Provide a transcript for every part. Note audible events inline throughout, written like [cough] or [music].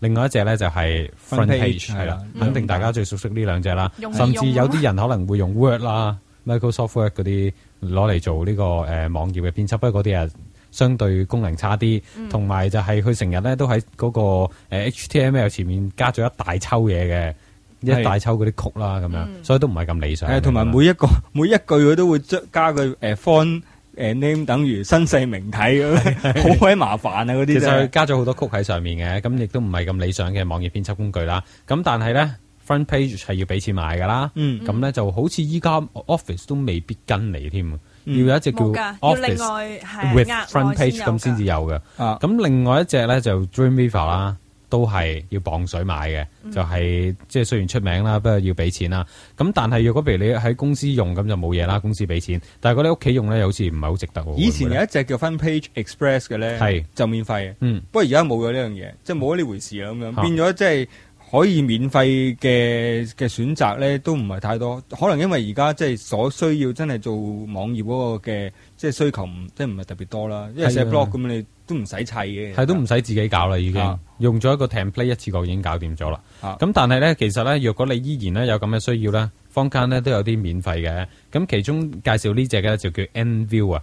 另外一隻咧就係 FrontPage 係啦。嗯、肯定大家最熟悉呢兩隻啦。嗯、甚至有啲人可能會用 Word 啦的、Microsoft Word 嗰啲攞嚟做呢、呢個誒、呃、網頁嘅編輯，不過嗰啲啊，相對功能差啲，同埋、嗯、就係佢成日咧都喺嗰、嗰個、呃、HTML 前面加咗一大抽嘢嘅，的一大抽嗰啲曲啦咁樣。嗯、所以都唔係咁理想。誒，同埋每一個每一句佢都會將加句。誒、呃誒、uh，name 等於新世名體咁，好 [laughs] 鬼麻煩啊！嗰啲其實佢加咗好多曲喺上面嘅，咁亦都唔係咁理想嘅網頁編輯工具啦。咁但係咧，Front Page 係要俾錢買㗎啦。咁咧、嗯、就好似依家 office 都未必跟你添，嗯、要有一隻叫 office with Front Page 咁先至有嘅。咁、啊、另外一隻咧就 Dreamweaver Re 啦。都係要磅水買嘅，嗯、就係即係雖然出名啦，不過要俾錢啦。咁但係如果譬如你喺公司用咁就冇嘢啦，公司俾錢。但係嗰啲屋企用咧，又好似唔係好值得喎。以前有一隻叫 Fanpage Express 嘅咧，是就免費嘅。嗯，不過而家冇咗呢樣嘢，嗯、即係冇咗呢回事啊，咁樣變咗即係可以免費嘅嘅選擇咧，都唔係太多。是的 可能因為而家即係所需要真係做網頁嗰個嘅即係需求即係唔係特別多啦。因為寫 blog 咁你。都唔使砌嘅，係的的都唔使自己搞啦，已經、啊、用咗一個 template 一次過已經搞掂咗啦。咁、啊、但係咧，其實咧，若果你依然咧有咁嘅需要咧，坊間咧都有啲免費嘅。咁其中介紹呢隻嘅就叫 nview 啊，view，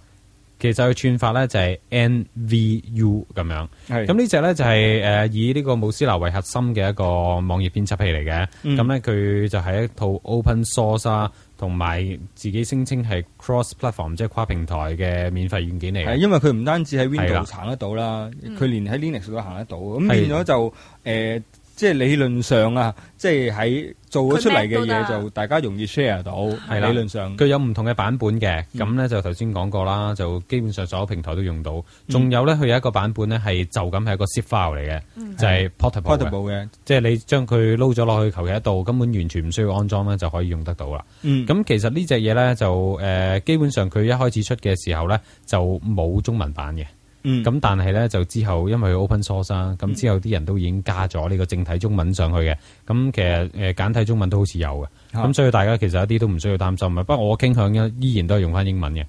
其實佢串法咧就係、是、n v u 咁樣。咁的呢隻咧就係、是、誒、呃、以呢個 Mozilla 為核心嘅一個網頁編輯器嚟嘅。咁咧佢就係一套 open source 啊。同埋自己聲稱係 cross platform，即係跨平台嘅免費軟件嚟。係，因為佢唔單止喺 Windows 行得到是啦 的，佢連喺 Linux 都行得到。咁、嗯、變咗就是的、呃即係理論上啊，即係喺做咗出嚟嘅嘢就大家容易 share 到，係的理論上。佢有唔同嘅版本嘅，咁咧、嗯、就頭先講過啦，就基本上所有平台都用到。仲、嗯、有咧，佢有一個版本咧係就咁係一個 zip file 嚟嘅，嗯、就係 portable 嘅，係的即係你將佢撈咗落去，求其一度，根本完全唔需要安裝咧就可以用得到啦。咁、嗯、其實這隻東西呢隻嘢咧就、呃、基本上佢一開始出嘅時候咧就冇中文版嘅。咁但係咧就之後，因為 open source 啦，咁之後啲人都已經加咗呢個正體中文上去嘅。咁其實誒，簡體中文都好似有嘅，咁所以大家其實一啲都唔需要擔心啊。不過我傾向依然都係用翻英文嘅，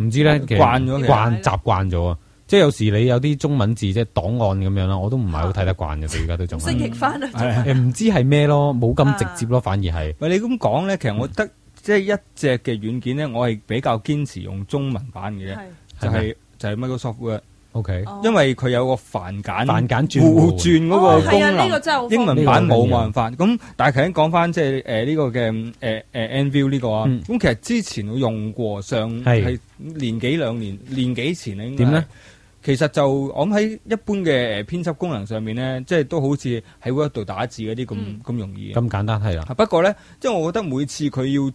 唔知咧慣咗，慣習慣咗啊，即係有時你有啲中文字即係檔案咁樣啦，我都唔係好睇得慣嘅，而家都仲適應翻啊，誒，唔知係咩咯，冇咁直接咯，反而係，喂你咁講咧，其實我得即係一隻嘅軟件咧，我係比較堅持用中文版嘅，就係。就係 Microsoft，OK 因為佢有個繁簡互轉嗰個功能，哦、英文版冇辦法。咁但係其實講翻即係呢個嘅 n v i e w 呢個啊，咁其實之前我用過，上係年幾兩年年幾前咧應其實就我諗喺一般嘅、呃、編輯功能上面咧，即係都好似喺 Word 度打字嗰啲咁咁容易。咁簡單係啦。不過咧，即係我覺得每次佢要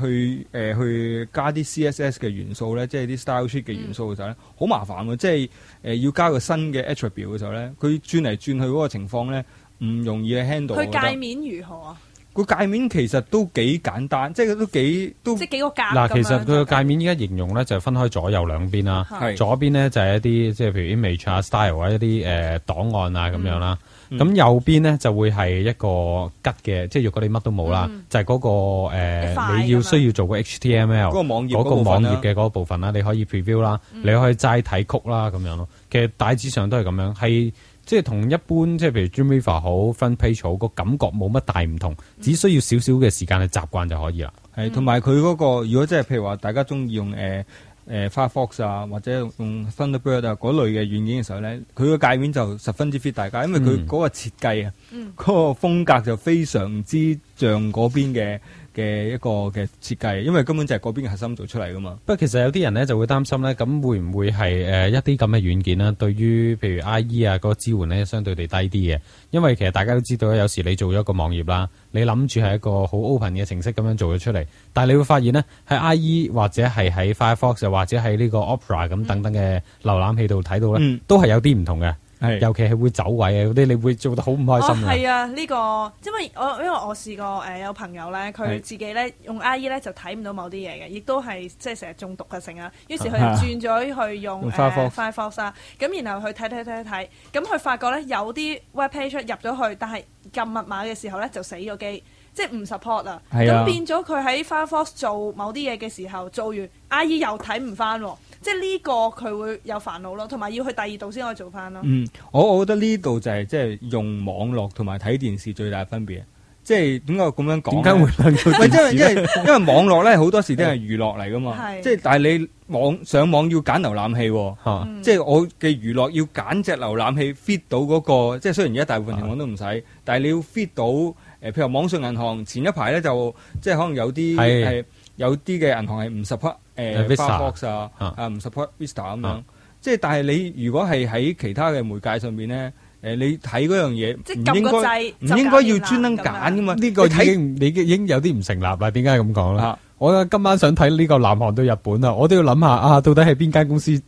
去、呃呃、去加啲 CSS 嘅元素咧，即係啲 style sheet 嘅元素嘅時候咧，好、嗯、麻煩嘅。即係、呃、要加個新嘅 attribute 嘅時候咧，佢轉嚟轉去嗰個情況咧，唔容易 handle。佢介面如何啊？個界面其實都幾簡單，即係佢都幾都。幾嗱，其實佢個界面依家形容咧就係、是、分開左右兩邊啦。是左邊咧就係、是、一啲即係譬如 image 啊、style 啊一啲誒、呃、檔案啊咁、嗯、樣啦。咁、嗯、右邊咧就會係一個吉嘅，即係如果你乜都冇啦，嗯、就係嗰、那個、呃、你要需要做個 HTML 嗰個網頁嘅嗰個、啊、個，個部分啦。你可以 preview 啦，嗯、你可以齋睇 code 啦咁樣咯。其實大致上都係咁樣。即係同一般即係譬如 Dreamweaver 好 FrontPage 好，個感覺冇乜大唔同，只需要少少嘅時間去習慣就可以啦。係同埋佢嗰個，如果即係譬如話大家中意用，呃呃、Firefox 啊，或者用 Thunderbird 啊嗰類嘅軟件嘅時候咧，佢個界面就十分之 fit 大家，因為佢嗰個設計啊，嗰、嗯、個風格就非常之。像嗰邊嘅嘅一個嘅設計，因為根本就係嗰邊嘅核心做出嚟㗎嘛。不過其實有啲人呢就會擔心呢，咁會唔會係、呃、一啲咁嘅軟件呢？對於譬如 IE 啊嗰個支援呢，相對地低啲嘅。因為其實大家都知道，有時你做咗一個網頁啦，你諗住係一個好 open 嘅程式咁樣做咗出嚟，但係你會發現呢，喺 IE 或者係喺 Firefox 或者係呢個 Opera 咁等等嘅瀏覽器度睇到呢，嗯、都係有啲唔同嘅。係，尤其係會走位啊，嗰啲你會做得好唔開心。哦，係啊，呢個，因為我因為我試過誒有朋友咧，佢自己咧用 IE 咧就睇唔到某啲嘢嘅，亦都係即係成日中毒嘅成啊。於是佢轉咗去用 Firefox 啊，咁、uh, Firefox 然後去睇睇睇睇，睇，咁佢發覺咧有啲 WebPage 入咗去，但係撳密碼嘅時候咧就死咗機。即係唔 support 啦，咁、啊、變咗佢喺 Firefox 做某啲嘢嘅時候，做完阿姨又睇唔翻，即係呢個佢會有煩惱咯，同埋要去第二度先可以做翻咯。嗯，我我覺得呢度就係即係用網絡同埋睇電視最大嘅分別，即係點解咁樣講？點解會諗到？因為因為因為網絡咧好多時都係娛樂嚟噶嘛，即係的但係你網上網要揀瀏覽器，啊、即係我嘅娛樂要揀隻瀏覽器 fit、啊、到嗰、嗰個，即係雖然而家大部分情況都唔使，啊、但係你要 fit 到。誒，譬如網上銀行前一排咧，就即係可能有啲係有啲嘅銀行係唔 support 誒 Vista 啊，啊唔 support Vista 咁樣。即係但係你如果係喺其他嘅媒介上面咧，誒你睇嗰樣嘢，唔應該唔應該要專登揀噶嘛？呢個已經已經有啲唔成立啊！點解咁講咧？我今晚想睇呢個南韓對日本啊，我都要諗下啊，到底係邊間公司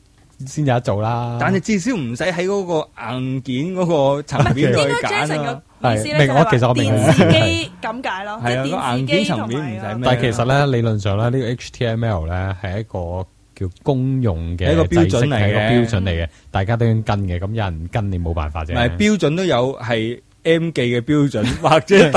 先有得做啦？但係至少唔使喺嗰個硬件嗰個層面度去揀。係，我其實我佢意思咁解咯，喺硬件層面唔使咩，但係其實咧理論上咧呢個 HTML 咧係一個叫公用嘅一個標準嚟嘅，大家都跟嘅，咁有人跟你冇辦法啫。咪標準都有係。M 記嘅標準或者第二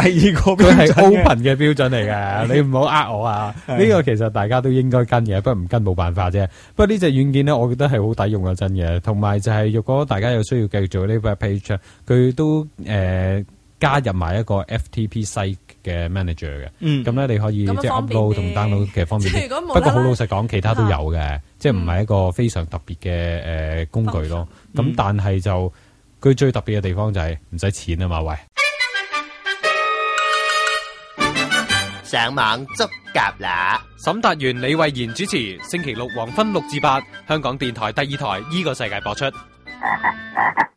個佢係 open 嘅標準嚟嘅，你唔好呃我啊！呢個其實大家都應該跟嘅，不過唔跟冇辦法啫。不過呢隻軟件咧，我覺得係好抵用嘅，真嘅。同埋就係，如果大家有需要繼續做呢個 page，佢都誒加入埋一個 FTPsite 嘅 manager 嘅。嗯。咁咧你可以即係 upload 同 download 其實方便。如果冇，不過好老實講，其他都有嘅，即係唔係一個非常特別嘅誒工具咯。咁但係就。佢最特別嘅地方就係唔使錢啊嘛，喂！上網捉蛤啦！沈達元、李慧賢主持，星期六黃昏六至八，香港電台第二台依、這個世界播出。啊啊啊